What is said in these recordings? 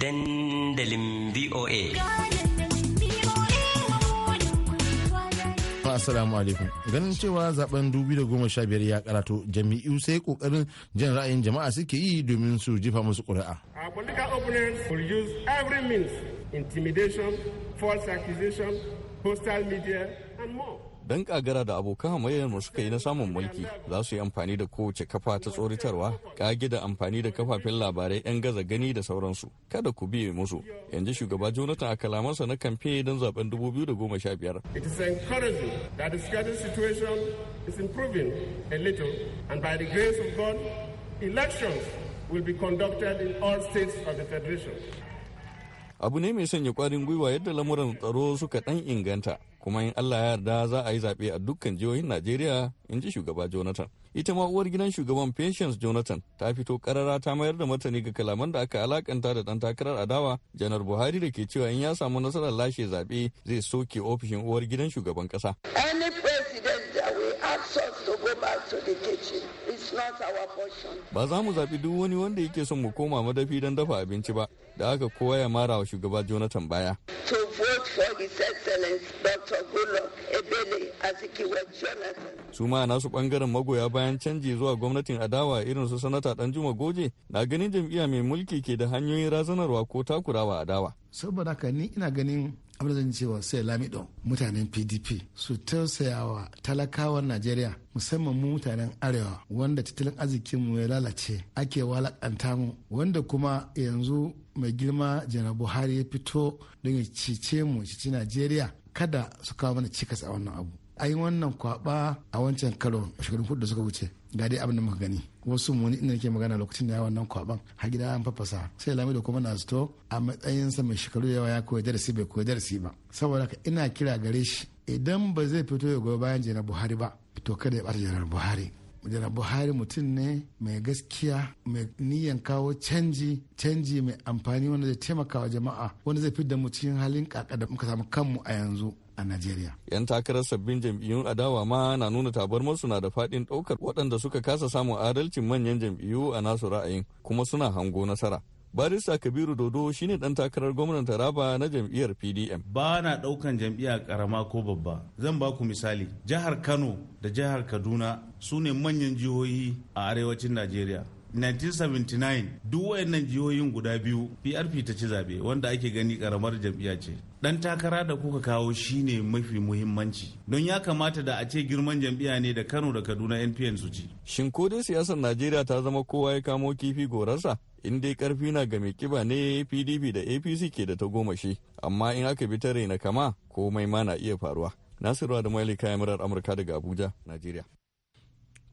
dandalin VOA. Assalamu alaikum. Ganin cewa zaben 2015 ya karato jami'u sai kokarin jan ra'ayin jama'a suke yi domin su jifa musu ƙuri'a. Our political opponents will use every means intimidation, false accusation, hostile media and more. don kagara da abokan hamayyar mu suka yi na samun mulki za su yi amfani da kowace kafa ta tsoritarwa kage da amfani da kafafen labarai yan gaza gani da sauransu kada ku biye musu yanzu shugaba jonathan a kalamansa na kamfe don zaben 2015 it is encouraging that the situation is improving a and by the grace of elections will be conducted in all states of the federation abu ne mai sanya kwarin gwiwa yadda lamuran tsaro suka dan inganta kuma in Allah ya yarda za a yi zaɓe a dukkan jihohin Najeriya in ji shugaba Jonathan. Ita ma uwar gidan shugaban Patience Jonathan ta fito karara ta mayar da martani ga kalaman da aka alakanta da ɗan takarar adawa Janar Buhari da ke cewa in ya samu nasarar lashe zaɓe zai soke ofishin uwar gidan shugaban ƙasa. to go Ba za mu zaɓi duk wani wanda yake son mu koma madafi don dafa abinci ba, da aka kowa ya mara wa shugaba Jonathan baya. To vote for Ebele Su nasu ɓangaren magoya bayan canji zuwa gwamnatin adawa irin su sanata Danjuma Goje na ganin jam'iyya mai mulki ke da hanyoyin razanarwa ko takurawa adawa. Saboda haka ni ina ganin abin zan cewa sai don mutanen pdp su tausayawa talakawan najeriya musamman mu mutanen arewa wanda tattalin arzikinmu ya lalace ake walakanta mu wanda kuma yanzu mai girma janar buhari ya fito don ya cice mu cici najeriya kada su kawo mana cikas a wannan abu ai wannan kwaba a wancan karo shekarun kudu da suka wuce ga dai abin da muka gani wasu muni inda nake magana lokacin da ya wannan kwaban har gida an fafasa sai lami da kuma zato a matsayinsa mai shekaru yawa ya koyi darasi bai koyi darasi ba saboda haka ina kira gare shi idan ba zai fito ya goyi bayan janar buhari ba to kada ya bata janar buhari janar buhari mutum ne mai gaskiya mai niyan kawo canji canji mai amfani wanda zai taimaka wa jama'a wanda zai fidda mu cikin halin kaka da muka samu kanmu a yanzu a Najeriya. 'Yan takarar sabbin jam'iyyun adawa ma na nuna tabarmarsu na da fadin daukar waɗanda suka kasa samun adalcin manyan jam'iyyu a nasu ra'ayin kuma suna hango nasara. barista kabiru dodo shine dan takarar gwamnan taraba na jam'iyyar pdm ba na daukan jam'iyya karama ko babba zan ba ku misali jihar kano da jihar kaduna su ne manyan jihohi a arewacin najeriya 1979 duk wayannan jihohin guda biyu PRP ta ci zabe wanda ake gani karamar jam'iyya ce dan takara da kuka kawo shine mafi muhimmanci don ya kamata da a ce girman jam'iyya ne da Kano da Kaduna NPN su ci shin ko dai siyasar Najeriya ta zama kowa ya kamo kifi gorarsa in dai karfi na ga mai kiba ne pdp da apc ke da ta goma shi amma in aka bi ta raina kama komai ma na iya faruwa nasiru da mali kayan murar amurka daga abuja nigeria.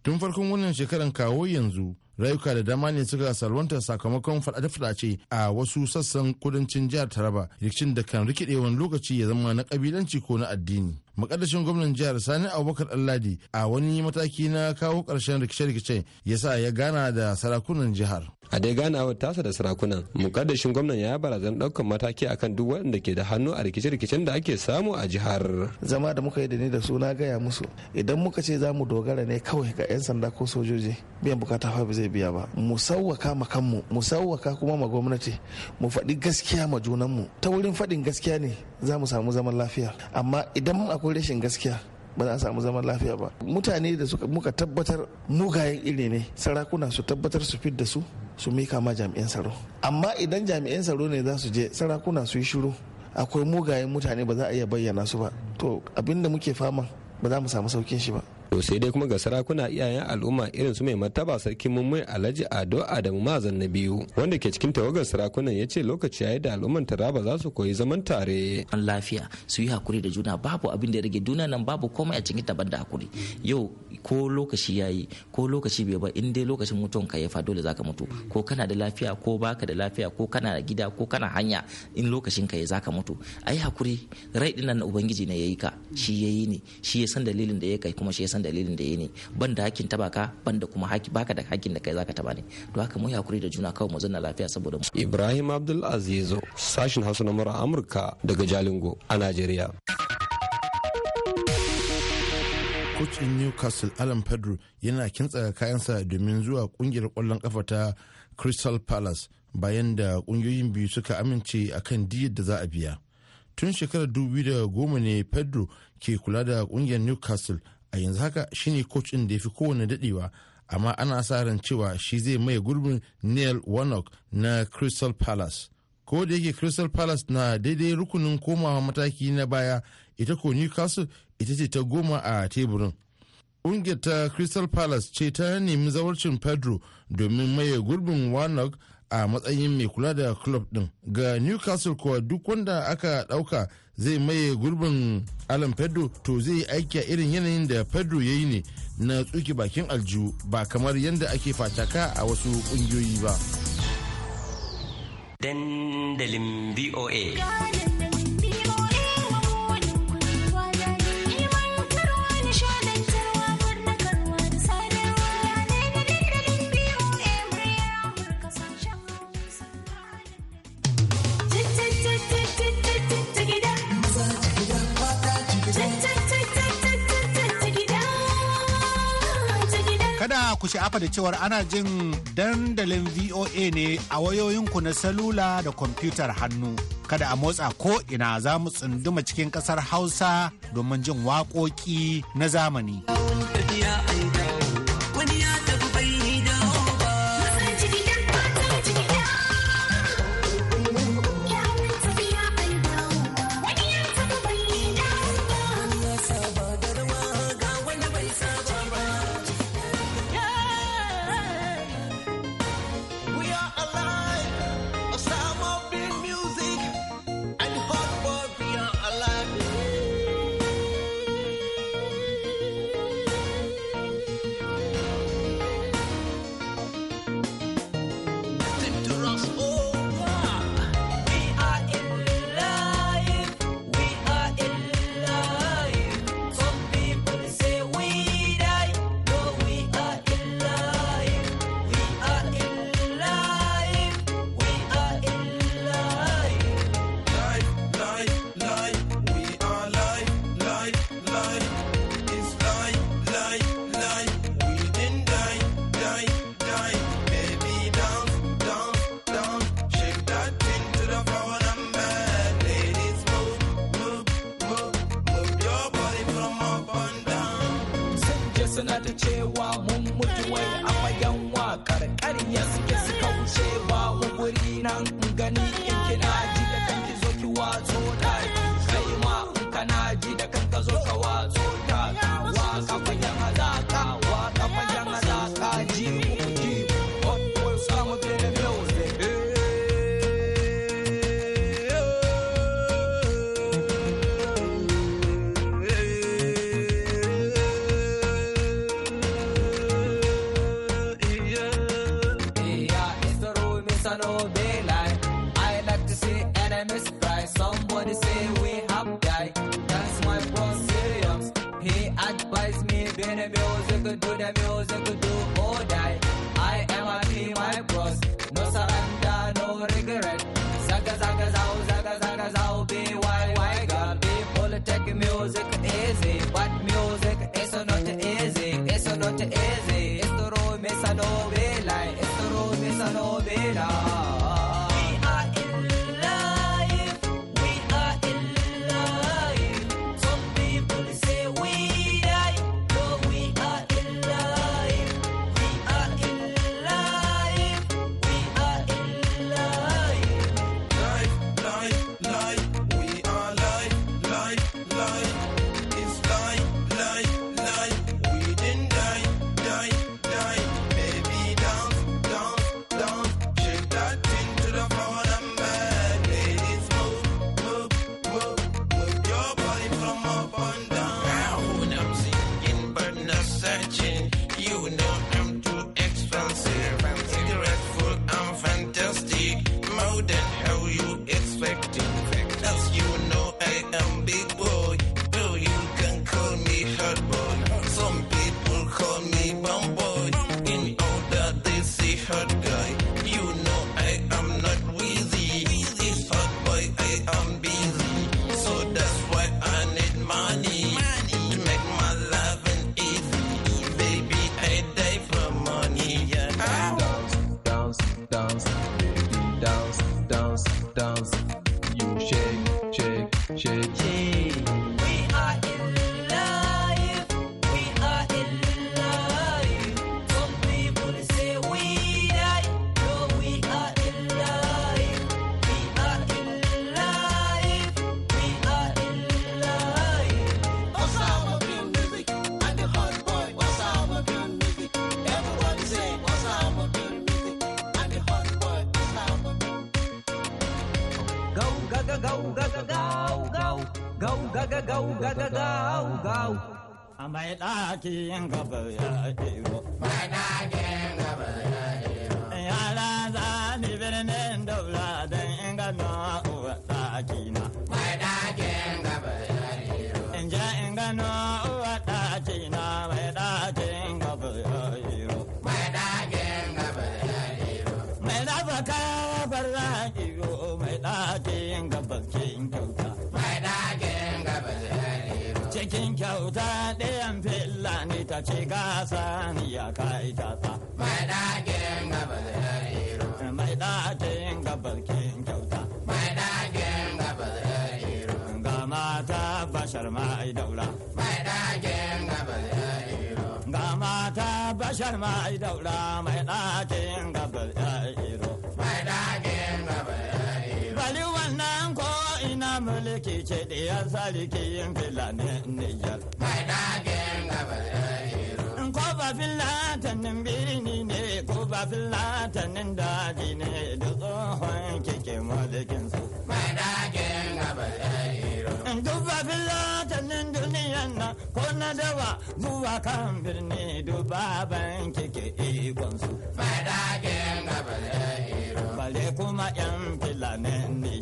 tun farkon wannan shekaran kawo yanzu rayuka da dama ne suka salwanta sakamakon fadace-fadace a wasu sassan kudancin jihar taraba rikicin da kan rikidewan lokaci ya zama na kabilanci ko na addini makaddashin gwamnan jihar sani abubakar alladi a wani mataki na kawo karshen rikice-rikice ya sa ya gana da sarakunan jihar a dai ganawar tasa da sarakunan mukaddashin gwamnan ya barazan ɗaukar mataki akan duk waɗanda ke da hannu a rikice-rikicen da ake samu a jihar zama da muka yi da ni da su na gaya musu idan muka ce za mu dogara ne kawai ga 'yan sanda ko sojoji biyan bukata fa ba zai biya ba mu sauwaka ma kanmu mu sauwaka kuma ma gwamnati mu faɗi gaskiya ma junanmu ta wurin faɗin gaskiya ne za mu samu zaman lafiya amma idan akwai akwai rashin gaskiya ba za a samu zaman lafiya ba mutane da suka muka tabbatar mugayen iri ne sarakuna su tabbatar su fit da su su mika ma jami'an tsaro amma idan jami'an tsaro ne za su je sarakuna su yi shiru akwai mugayen mutane ba za a iya bayyana su ba to abinda muke fama ba za mu samu saukin shi ba to sai dai kuma ga sarakuna iyayen al'umma irin su mai martaba sarkin mummai alhaji ado adamu mazan na biyu wanda ke cikin tawagar sarakunan ya ce lokaci ya yi da al'umman taraba za su koyi zaman tare an lafiya su yi hakuri da juna babu abin da ya rage duniya nan babu komai a cikin taban da hakuri yau ko lokaci yayi ko lokaci bai ba in dai lokacin mutuwan ka ya fa dole zaka mutu ko kana da lafiya ko baka da lafiya ko kana da gida ko kana hanya in lokacin ka ya zaka mutu ai hakuri rai dinnan na ubangiji ne yayi ka shi yayi ne shi ya san dalilin da ya kai kuma shi ya san dalilin da ya ne ban da hakkin taba ka ban da kuma haki baka da hakkin da kai zaka taba ne to haka mu hakuri da juna kawai mu zanna lafiya saboda mu Ibrahim Abdul Aziz sashin Hausa na mura Amurka daga Jalingo a Najeriya coach in Newcastle Alan Pedro yana kintsa kayansa domin zuwa kungiyar kwallon kafa ta Crystal Palace bayan da kungiyoyin biyu suka amince akan diyar da za a biya. Tun shekarar 2010 da goma ne Pedro ke kula da kungiyar Newcastle a yanzu haka shine coach ɗin da ya fi kowane dadewa amma ana sa ran cewa shi zai maye gurbin neil warnock na crystal palace ko da yake crystal palace na daidai rukunin komawa mataki na baya ita ko newcastle ita ce ta goma a teburin ƙungiyar ta crystal palace ce ta nemi zawarcin pedro domin maye gurbin warnock a matsayin mai kula da club din ga newcastle kuwa duk wanda aka ɗauka zai maye gurbin alan pedro to zai aiki a irin yanayin da pedro ya yi ne na tsuki bakin aljihu ba kamar yadda ake fataka a wasu ƙungiyoyi ba dandalin voa ku sha'afa da cewar ana jin dandalin VOA ne a wayoyinku na salula da kwamfutar hannu. Kada a motsa ko ina za mu tsunduma cikin ƙasar Hausa domin jin waƙoƙi na zamani. or die. I am a I boss. No surrender, no regret. mai daki ɗakin gaba ya iro. Mai ɗakin gaba ya iro. Yara za ni birnin daula don in gano uwa na. ce ka san ya ita ta. Mai ɗakin gabas ya iro. Mai ɗakin gabas kin kyauta. Mai ɗakin gabas ya iro. Ga mata sharma ai daula. Mai ɗakin gabas ya iro. Ga mata sharma ai daula. Mai ɗakin gabas ya iro. Mai ɗakin gabas ya iro. Bali wannan ko ina mulki ce ɗiyar sarki yin filanin ya? Mai ɗakin gabas ya iro. ba filatanin birni ne ko ba filatanin daji ne da tsohon keke malikin su. Mai dakin gaba da Duk ba filatanin duniyan na ko na dawa zuwa kan birni duk baban keke ibon su. Mai dakin gaba da Bale kuma yan filanin ne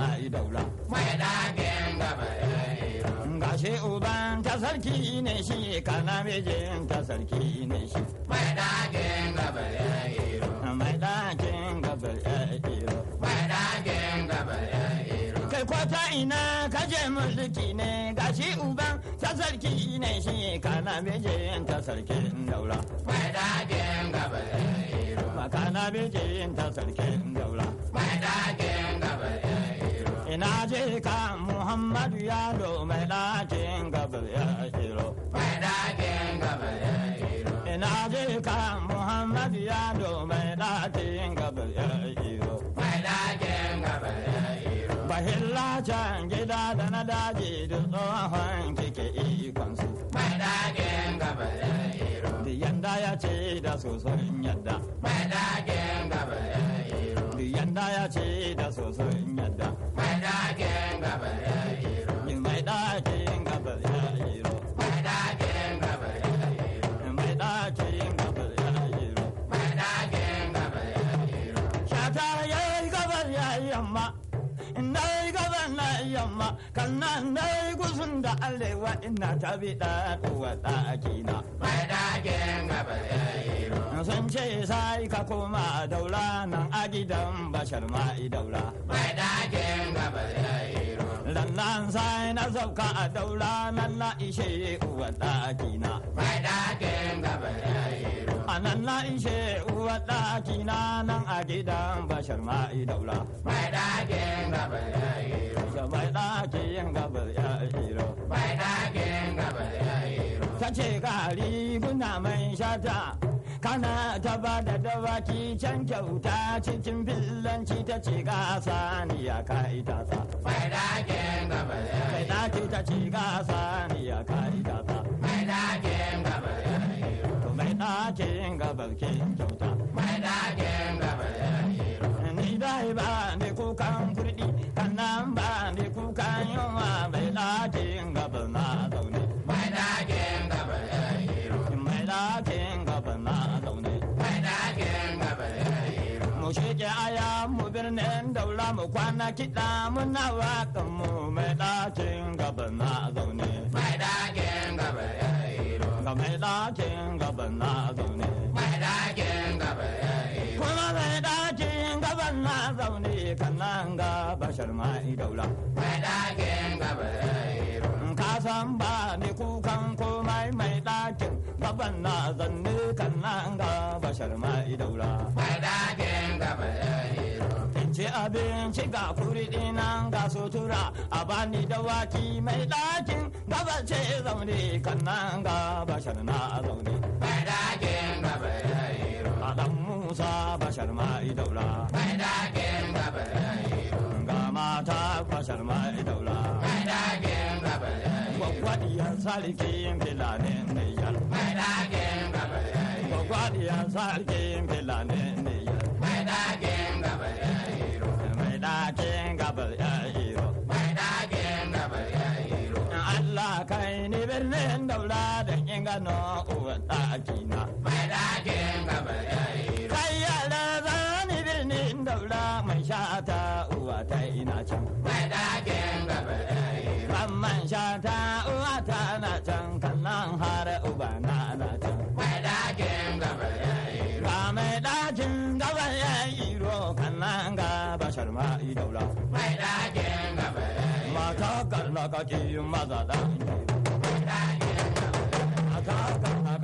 mai daula. Mai ɗakin gaba Ga shi uban ta sarki ne shi kana mijin ta sarki ne shi. Mai ɗakin gaba Mai ɗakin gaba Mai ɗakin gaba Kai kwata ina kaje mulki ne ga shi uban ta sarki ne shi kana mijin ta sarki daula. Mai ɗakin gaba Makana mijin ta sarki daula. Mai ɗakin gaba ina je ka muhammadu ya yalo mai ɗakin gabar ya shiro mai ɗakin gabar ya shiro ina je ka muhammadu ya yalo mai ɗakin gabar ya shiro mai ɗakin gabar ya shiro bahilla can gida da na daji da tsohon kike su. mai ɗakin gabar ya shiro da yanda ya ce da su sun yadda mai ɗakin gabar ya shiro da yanda ya ce da su sun yadda na na gusun da alewa ina ta bi da kuwa ɗaki na. Mai ɗakin gaba da Sun ce sai ka koma daula nan a gidan bashar ma'i daula. Mai ɗakin gaba da Lallan sai na sauka a daula nan na ishe uwa ɗaki na. Mai ɗakin gaba da A nan na ishe uwa ɗaki na nan a gidan bashar ma'i daula. Mai ɗakin gaba da iro mai ɗakin gabas ya iro. Mai ɗakin gabas ya iro. Ta ce gari guna mai shata. Kana ta ba da dawaki can kyauta cikin fillanci ta ce ga saniya ka ita ta. Mai ɗakin gabas ya iro. Mai ɗaki ta ce ga saniya ka ita ta. Mai ɗakin gabas ya iro. To mai ɗakin gabas ke kyauta. Mai ɗakin gabas ya iro. Ni dai ba ni kukan mu kwana kiɗa muna waƙan mu mai ɗakin gaba na zaune. Mai ɗakin gaba ya yi Ga mai ɗakin gaba na zaune. Mai ɗakin gaba ya yi Kuma mai ɗakin gaba na zaune kan ga bashar ma'i daula. Mai ɗakin gaba ya yi Ka san ba ni kukan komai mai ɗakin gaba na zaune kan ga bashar ma'i daula. Mai ɗakin abinci ga kurɗi nan ga sutura a bani dawaki mai ɗakin gabace zaune kan nan ga bashar na zaune. Mai ɗakin gaba ya yi ro. Adam Musa bashar ma yi daula. Mai ɗakin gaba ya yi ro. Ga mata bashar ma yi daula. Mai ɗakin gaba ya yi ro. Gwagwadiyar sarkin filanin Nijar. Mai ɗakin gaba ya yi ro. Gwagwadiyar sarkin filanin Nijar. Mai ɗakin birnin daura da inga na uwan ɗaki na. Mai ɗakin gaba ya yi ro. Kai yara zani birnin daura mai shata uwa ta ina can. Mai ɗakin gaba ya yi ro. Ban man sha ta uwa ta na can kannan har uba na na can. Mai ɗakin gaba ya yi ro. Ba mai ɗakin gaba ya yi ro kannan ga bashar ma'i daura. Mai ɗakin gaba ya yi ro. Mata karnaka ki maza da.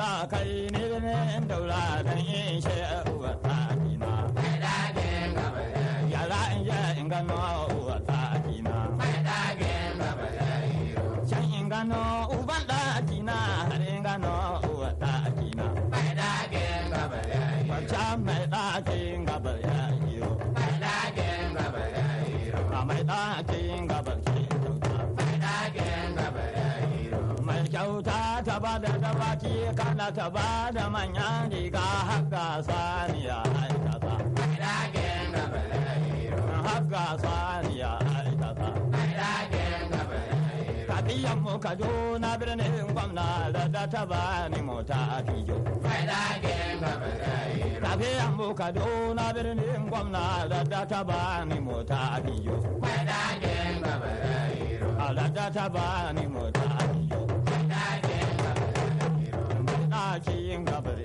Allah kai ne ne daula dan yin shi uwa ta kina. Mai dagen da Ya za in in uwa ta kina. Mai in gano har in gano uwa ta dina. Mai dagen gaba da Kwacha mai ka ba da dawaki kana ka ba da manyan riga haka saniya aikata. Haka saniya aikata. Kabiyan mu Kaduna birnin gwamna da da ta bani mota a fijo. Kabiyan mu Kaduna birnin gwamna da da ta bani mota a fijo. Kabiyan mu Kaduna birnin gwamna da da ta bani mota a fijo. ake yin gabar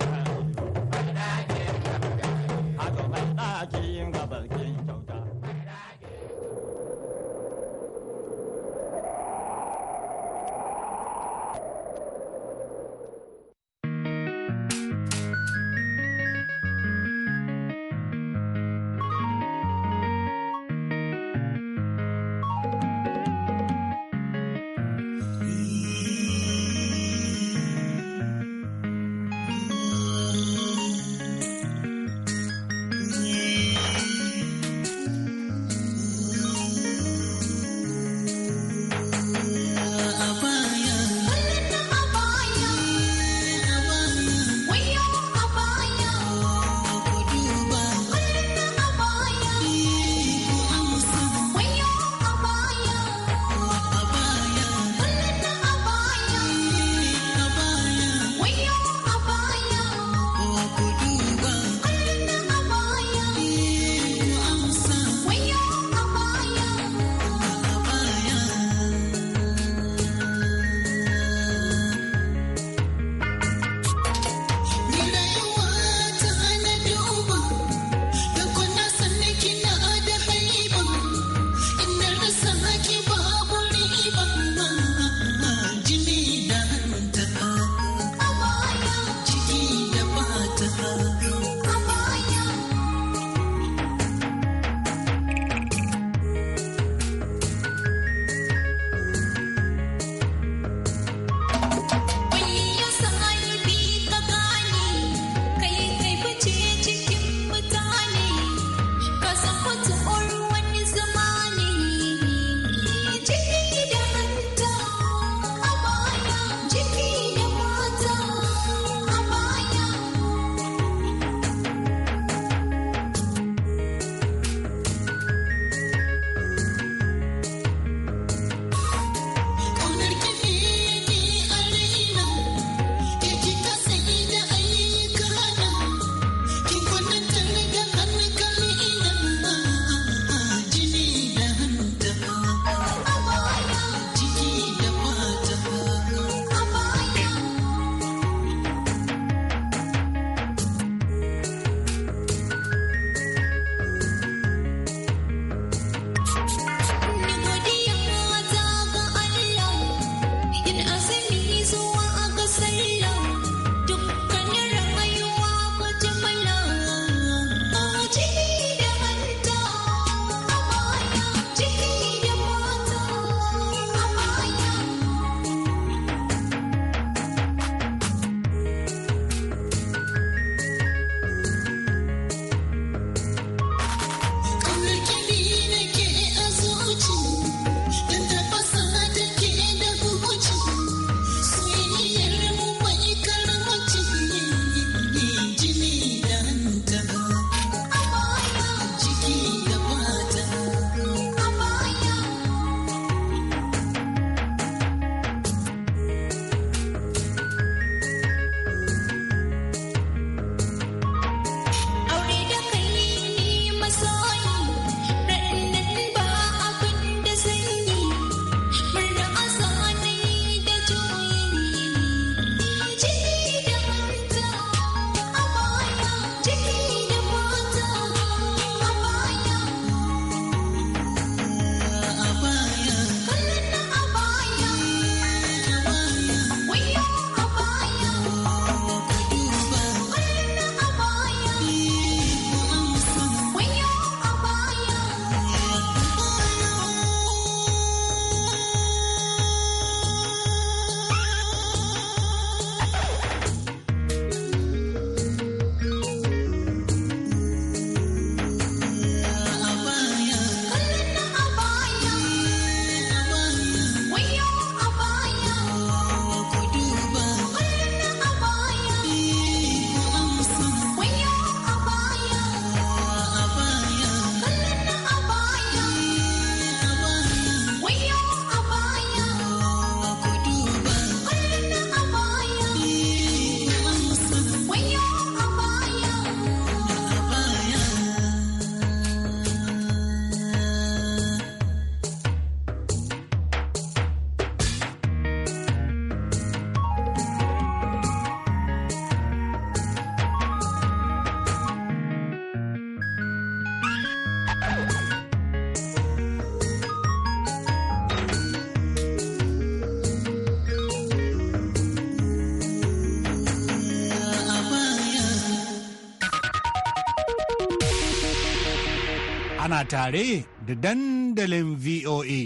tare da dandalin VOA.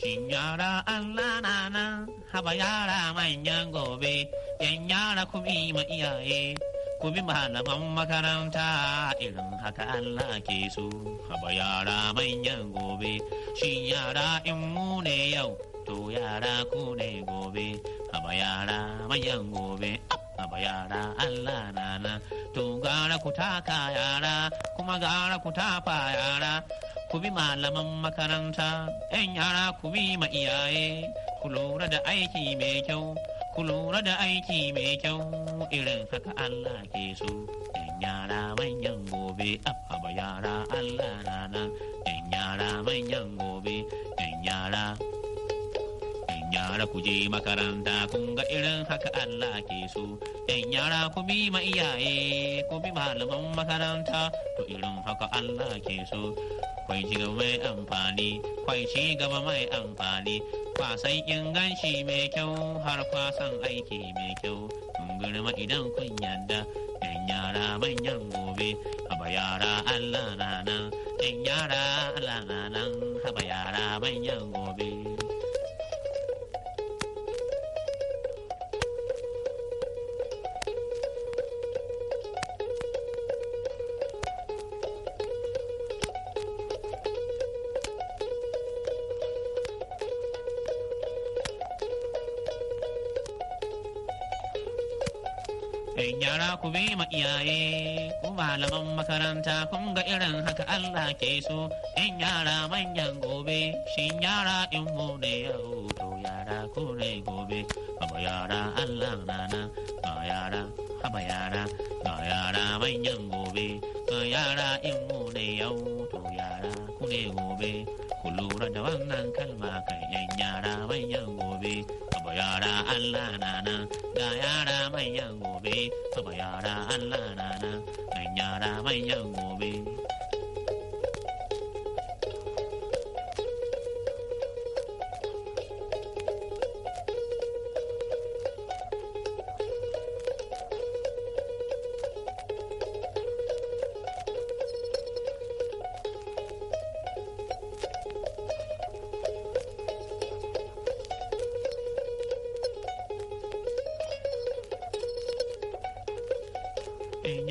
Shin yara Allah na nan haba yara manyan gobe, yan yara ku bi ma iyaye, ku bi malaman makaranta irin haka Allah ke so. Haba yara manyan gobe, shin yara in mu ne yau, to yara ku ne gobe, haba yara manyan gobe. Up. kaba yara Allah rana to gara ku taka yara kuma gara ku tafa yara ku bi malaman makaranta yan yara ku bi ma iyaye ku lura da aiki mai kyau ku lura da aiki mai kyau irin haka Allah ke so yan yara manyan gobe ah, yara Allah rana yan yara manyan gobe yan yara yara ku je makaranta kun ga irin haka Allah ke so yan yara ku bi ma iyaye ku bi malaman makaranta to irin haka Allah ke so kwai ci gaba mai amfani kwai ci gaba mai amfani kwasan inganci mai kyau har kwasan aiki mai kyau kun girma idan kun yadda yan yara manyan gobe haba yara Allah na nan yan yara Allah na nan haba yara manyan gobe Kai yara ku bi ma iyaye, ku malaman makaranta kun ga irin haka Allah ke so, in yara manyan gobe, shin yara in mu ne yau, to yara ku ne gobe, ba yara Allah nana, ba yara, haba yara, ba yara manyan gobe, ba yara in mu ne yau, to yara ku ne gobe, ku lura da wannan kalma kan yan yara manyan gobe. gobe saba yara Allah nana ga yara manyan gobe saba yara Allah nana ga yara manyan gobe.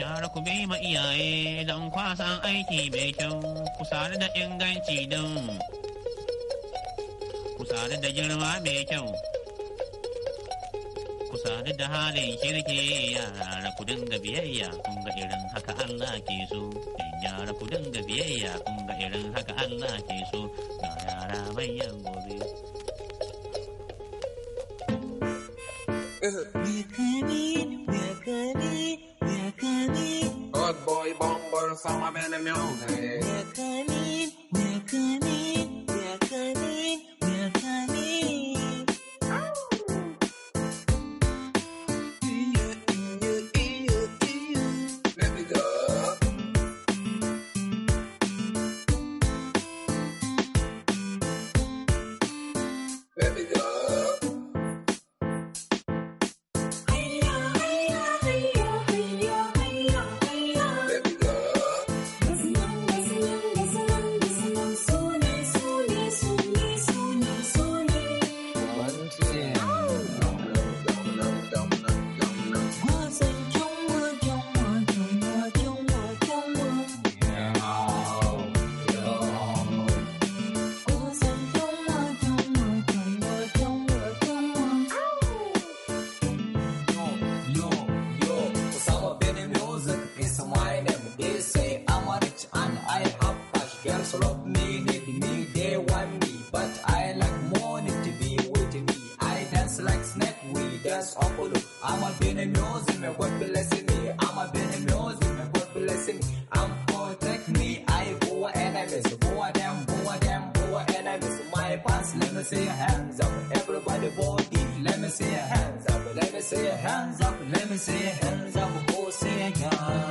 Yara ku bi ma iyaye don kwasan aiki mai kyau, ku sadu da inganci don ku sadu da girma mai kyau. Ku sadu da halin kirki yara ku dinga biyayya kun ga irin haka Allah ke so. Yara ku dinga biyayya kun ga irin haka Allah ke so. Ga yara manyan gobe. I'm in the music. I'm a been in music, my God blessing me. I'm a been in music, my God blessing me. I'm protect me, I go enemies. Go them, go them, go enemies. My pants, let me see your hands up. Everybody body, let me see your hands up. Let me see your hands up. Let me see your hands up. Go see your